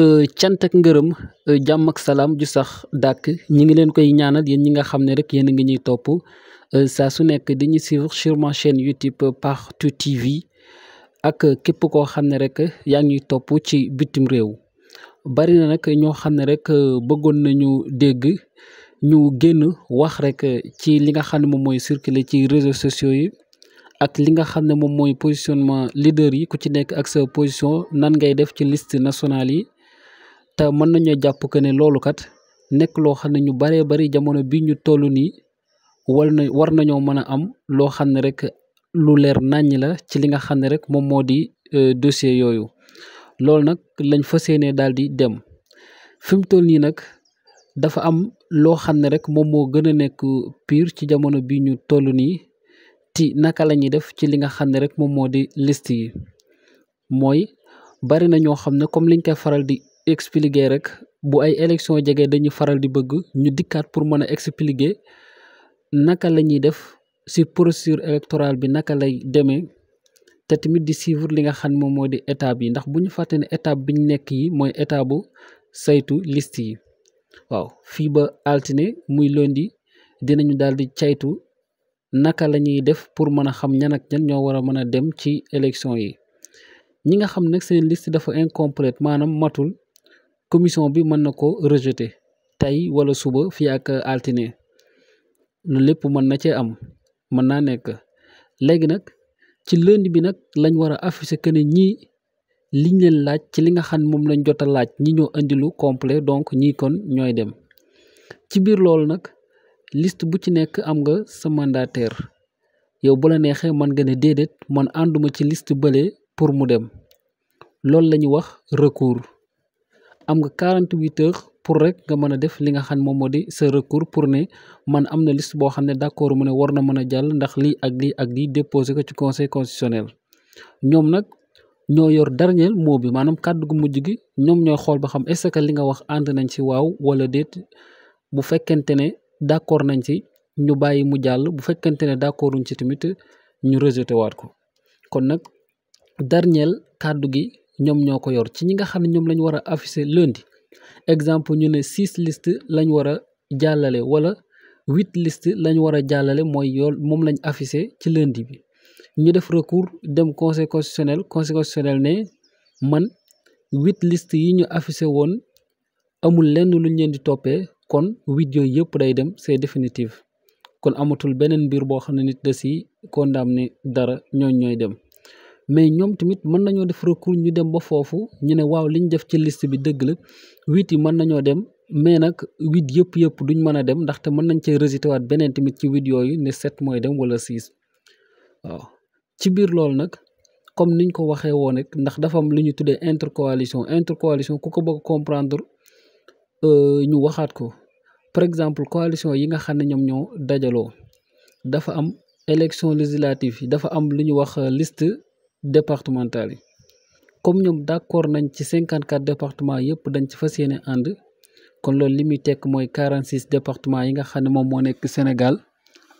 Euh, cantak ngërëm euh, jàmm ak salaam ju sax dàq ñi ngi leen koy ñaanal yéen ñi nga xam ne rek yéen a ngi ñuy topp euh, saa su nekk di ñu suivre sur ma chaîne YouTube Partout TV ak képp koo xam ne rek yaa ngi topp ci bitim réew bari na nag ñoo xam ne rek bëggoon nañu dégg ñu génn wax rek ci li nga xam ne moom mooy circuler ci réseaux sociaux yi ak li nga xam ne moom mooy positionnement leader yi ku ci nekk ak sa position nan ngay def ci liste nationale yi te mën nañu jàpp que ne loolu kat nekk loo xam ne ñu baree bari jamono bi ñu toll nii war na war nañoo mën a am loo xam ne rek lu leer nàññ la ci li nga xam ne rek moom moo di euh, dossier yooyu loolu nag lañ fas yéenee daal di dem fi mu toll nii nag dafa am loo xam ne rek moom moo gën a nekk piir ci jamono bi ñu toll nii ci naka la ñuy def ci li nga xam ne rek moom moo di list yi mooy bari na ñoo xam ne comme liñ koy faral di expliquer rek bu ay élection jege dañu faral di bëgg ñu dikkaat pour mën a expliquer naka la ñuy def si procédure électorale bi naka lay demee te tamit di suivre li nga xam moom moo di étape yi ndax bu ñu fàtte ne étape biñ nekk yi mooy étape bu saytu list yi waaw fii ba altine muy lundi dinañu daal di caytu naka la ñuy def pour mën a xam ñan ak ñan ñoo war a mën a dem ci élection yi ñi nga xam nag seen liste dafa incomplète maanaam matul commission bi mën na ko rejeter tey wala suba fii altine lu lépp mën na cee am mën naa nekk léegi nag ci lënd bi nag lañ war a afficher que ne ñii liñ leen laaj ci li nga xam moom lañ jot a laaj ñi ñoo indilu lu complet donc ñii kon ñooy dem ci biir loolu nag list bu ci nekk am nga sa mandataire yow bu la neexee mën nga ne déedéet man ànduma ci list bële pour mu dem loolu la ñu wax recours am nga 48 heures pour rek nga mën a def li nga xam moom moo di sa recours pour ne man am na liste boo xam ne d'accord mu ne war na mën a jàll ndax li ak lii ak lii déposé ko ci conseil constitutionnel ñoom nag ñoo yor dernier mot bi maanaam kàddu gu mujj gi ñoom ñooy xool ba xam est ce li nga wax ànd nañ ci waaw wala déet bu fekkente ne d'accord nañ ci ñu bàyyi mu jàll bu fekkente ne d'accorduñ ci tamit ñu rejeté waat ko kon nag dernier ñoom ñoo ko yor ci ñi nga xam ne ñoom lañ war a afficher lundi exemple ñu ne six liste lañ war a jàllale wala huit liste lañ war a jàllale mooy yool moom lañ afficher ci lundi bi ñu def recours dem conseil constitutionnel conseil constitutionnel ne man huit liste yi ñu afficher woon amul lenn luñ leen di toppee kon huit yooyu yëpp day dem c'est définitive kon amatul beneen mbir boo xam ne nit da si ne dara ñooñ ñooy dem mais ñoom tamit mën nañoo def recours ñu dem ba foofu ñu ne waaw li ñu def ci liste bi dëgg la huit yi mën nañoo dem mais nag huit yëpp yëpp duñ mën a dem ndaxte mën nañ cee rejeté waat beneen tamit ci huit yooyu ne sept mooy dem wala six waaw ci biir loolu nag comme niñ ko waxee woon rek ndax dafa am lu ñu tuddee intercoalition intercoalition ku ko bëgg comprendre euh, ñu waxaat ko par exemple coalition yi nga xam ne ñoom ñoo dajaloo dafa am élection législative lu ñu wax liste départementales yi comme ñoom d'accord nañ ci cinquante quatre départements yëpp dañ ci fa yéene ànd kon loolu li muy tekk mooy quarante six départements yi nga xam ne moom moo nekk Sénégal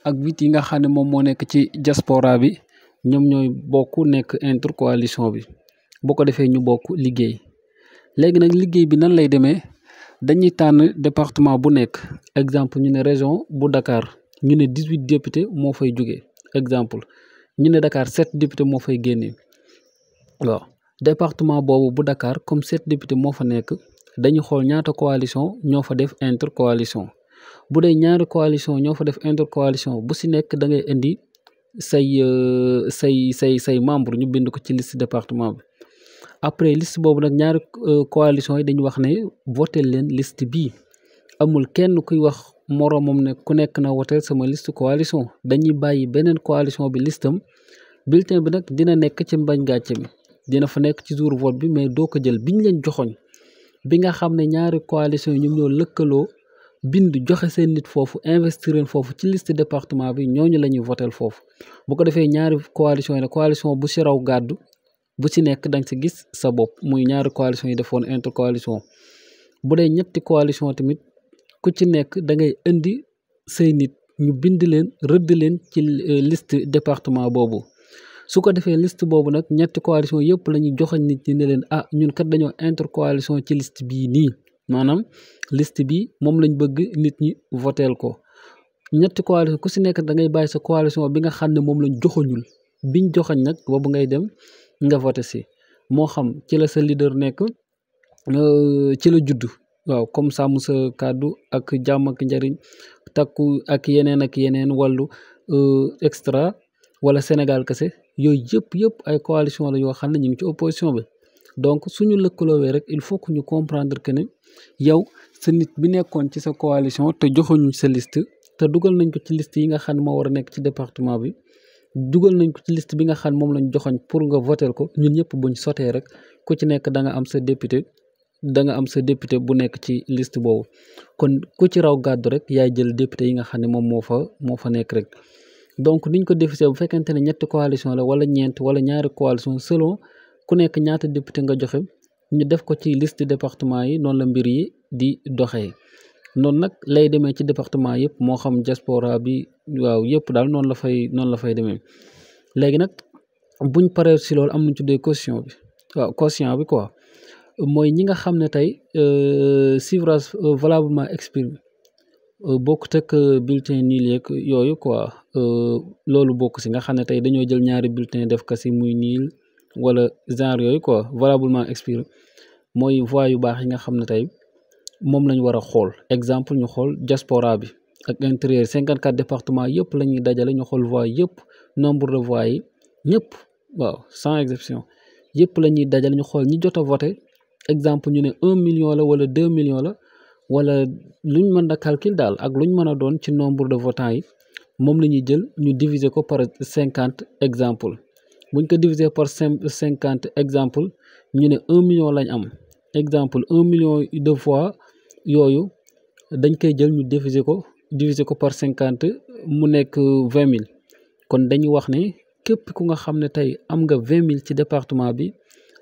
ak huit yi nga xam ne moom moo nekk ci jaspora bi ñoom ñooy bokk nekk intre intercoalition bi boo ko defee ñu bokk liggéey léegi nag liggéey bi nan lay demee dañuy tànn département bu nekk exemple ñu ne région bu Dakar ñu ne dix huit député moo fay jóge exemple ñu ne Dakar sept député moo fay génnee waaw département boobu bu Dakar comme sept député moo fa nekk dañu xool ñaata coalition ñoo fa def intercoalition bu dee ñaari coalition ñoo fa def intercoalition bu si nekk dangay indi say euh, say say say membre ñu bind ko ci list département bi après list boobu nag ñaari euh, coalition yi dañu wax ne voté leen list bi amul kenn kuy wax moroomam ne ku nekk na woteel sama liste coalition dañuy bàyyi beneen coalition bi listam bulletin bi nag dina nekk ci mbañ gàcce bi dina fa nekk ci jour vote bi mais doo ko jël bi ñu leen joxoñ bi nga xam ne ñaari coalition yi ñu ñoo lëkkaloo bind joxe seen nit foofu investir foofu ci liste département bi ñooñu la ñuy voteel foofu bu ko defee ñaari coalition yi ne coalition bu si raw gàddu bu si nekk da nga si gis sa bopp muy ñaari coalition yi defoon intercoalition bu dee ñetti coalition tamit ku ci nekk da ngay indi say nit ñu bind leen rëdd leen ci euh, list département boobu su ko defee liste boobu nag ñetti coalition yëpp la ñu joxañ nit ñi ne leen ah ñun kat dañoo intercoalition ci list bii nii maanaam liste bi moom lañ bëgg nit ñi voteel ko ñetti coalition ku si nekk da ngay bàyyi sa coalition bi nga xam ne moom lañ joxañul biñ joxañ nag boobu ngay dem nga vote si moo xam ci la sa leader nekk euh, ci la juddu waaw comme sàmm sa kàddu ak jàmm ak njariñ takku ak yeneen ak yeneen wàllu euh, extra wala Sénégal kese yooyu yëpp yëpp ay coalition la yoo xam ne ñu ngi ci opposition bi donc su suñu lëkkaloowee rek il faut que ñu comprendre que ne yow sa nit bi nekkoon ci sa coalition te joxuñu sa liste te dugal nañ ko ci liste yi nga xam ne moo war a nekk ci département bi dugal nañ ko ci liste bi nga xam moom lañ joxoñ pour nga voter ko ñun ñëpp buñ sotee rek ku ci nekk da nga am sa député da nga am sa député bu nekk ci liste boobu kon ku ci raw gàddu rek yaay jël député yi nga xam ne moom moo fa moo fa nekk rek donc niñ ko déficit bu fekkente ne ñett coalition la wala ñeent wala ñaari coalition selon ku nekk ñaata député nga joxe ñu def ko ci liste département yi noonu la mbir yi di doxe noonu nag lay demee ci département yëpp moo xam jaspora bi waaw yëpp daal noonu la fay noonu la fay demee léegi nag buñ paree si loolu am nañ tuddee caution bi waaw bi quoi mooy ñi nga xam ne tey euh, suffrage euh, valablement exprimé euh, bokkut ak bulletin nul yeeg yooyu quoi loolu bokk si nga xam ne tey dañoo jël ñaari bulletin def ko si muy niil wala genre yooyu quoi valablement exprimé mooy voix yu baax yi nga xam ne tey moom lañ war a xool exemple ñu xool diaspora bi ak intérieur cinquante quatre département yëpp la ñuy dajale ñu xool voix yëpp nombre de voix yi ñëpp waaw sans exception yëpp la dajale ñu xool ñi jot a exemple ñu ne un million :fra la wala deux :fra la wala luñ mën a calcul daal ak luñ mën a doon ci nombre de :fra yi moom la ñuy jël ñu diviser ko par cinquante exemple buñ ko diviser par :fra cinquante exemple ñu ne un :fra million lañ am exemple un million deux fois yooyu dañ koy jël ñu diviser ko diviser ko par cinquante mu nekk vingt mille kon dañuy wax ni képp ku nga xam ne tey am nga vingt mille ci département bi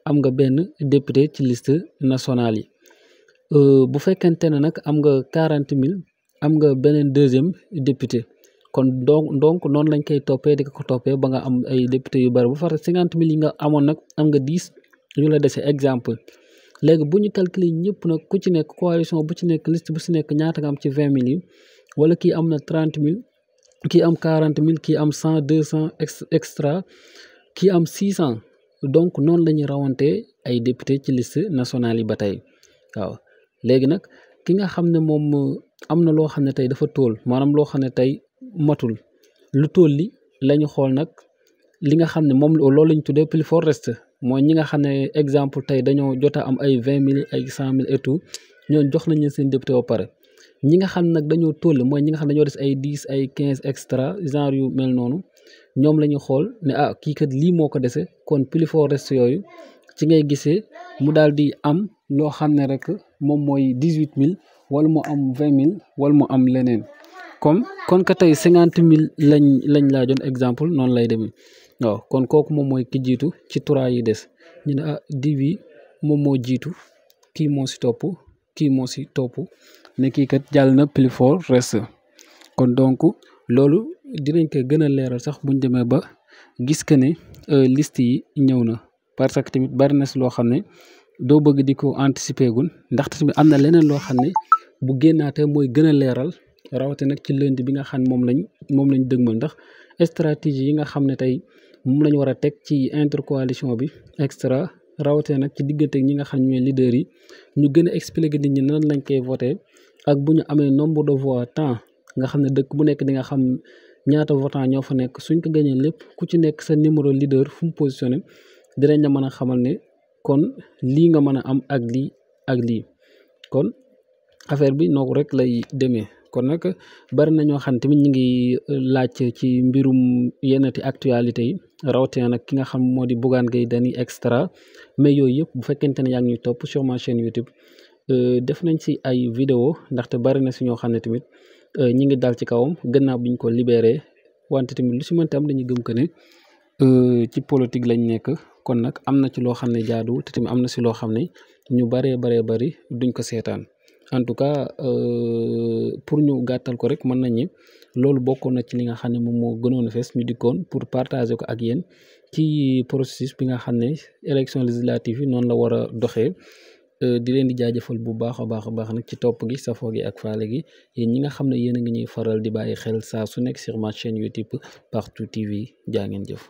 am nga benn député ci liste nationale yi euh, bu fekkente ne nag am nga quarante mille am nga beneen deuxième député kon donc donc noonu lañ koy toppee di ko toppee ba nga am ay député yu bari bu far cinquante mille yi nga amoon nag am nga dix yu la dese exemple léegi bu ñu calculer ñëpp nag ku ci nekk coalition bu ci nekk liste bu si nekk ñaata nga am ci vingt mille yi wala kii am na trente mille kii am quarante mille kii am cent deux cent extra kii am six cent donc noonu la ñuy rawante ay député ci list nationale yi ba tey waaw léegi nag ki nga xam ne moom am na loo xam ne tey dafa tool maanaam loo xam ne tey matul lu tool li la xool nag li nga xam ne moom loolu la ñu tuddee plus fort reste mooy ñi nga xam ne exemple tey dañoo jot a am ay vingt mille ay cent mille et tout ñooñu jox nañ leen seen député ba pare ñi nga xam nag dañoo toll mooy ñi nga xam ne dañoo des ay dix ay quinze extra genre yu mel noonu ñoom la ñu xool ne ah kii kat lii moo ko dese kon plus fort yooyu ci ngay gisee mu daal di am loo xam ne rek moom mooy dix huit mille wala mu am vingt mille wala mu am leneen comme kon ka tey cinquante mille lañ lañ laa joon exemple noonu lay demee waaw kon kooku moom mooy ki jiitu ci trois yi des ñu ne ah di moom moo jiitu kii moo si topp kii moo si topp ne kii kat jàll na plus fort kon donc loolu dinañ ko gën a leeral sax buñ demee ba gis que ne euh, liste yi ñëw na parce que tamit bari na si loo xam ne doo bëgg di ko anticiper gun ndaxte tamit am na leneen loo xam ne bu génnaatee mooy gën a leeral rawatina nag ci lënd bi nga xam moom lañ moom lañ dëgmal ndax stratégie yi nga xam ne tey moom lañ war a teg ci intercoalition bi extra rawatina nag ci diggante ñi nga xam ñooy leaders yi ñu gën a expliquer nit ñi nan lañ koy voté ak bu ñu amee nombre de voix temps nga xam ne dëkk bu nekk di nga xam ñaata votant ñoo fa nekk suñ ko gañee lépp ku ci nekk sa numéro leader fu mu positionné dinañ la mën a xamal ne kon lii nga mën a am ak lii ak lii kon affaire bi noo rek lay demee kon nag bari na ñoo xam tamit ñu ngi euh, laajte ci mbirum yennati actualité yi rawatina nag ki nga xam moo di Bougane Gueye Dany extra mais yooyu yëpp bu fekkente ne yaa ngi topp sur ma YouTube Euh, def nañ ci ay vidéo ndaxte bari na si ñoo xam ne tamit euh, ñi ngi daal ci kawam gannaaw bi ñu ko libéré wante tamit lu si mënti am dañu gëm que ne euh, ci politique lañ nekk kon nag am na ci loo xam ne jaaduwul te tamit am na si loo xam ne ñu baree baree bari duñ ko seetaan en tout cas pour ñu gàttal ko rek mën nañ ni loolu bokkoon na ci li nga xam ne moom moo gënoon a fees ñu dikkoon pour partager ko ak yéen ci processus bi nga xam ne élection législative yi noonu la war a doxee. Euh, di leen di jaajëfal bu baax a baax a baax nag ci topp gi safoo gi ak faale gi yéen ñi nga xam ne yéen a ngi ñuy faral di bàyyi xel saa su nekk sur ma chaîne YouTube Partout TV jaa ngeen jëf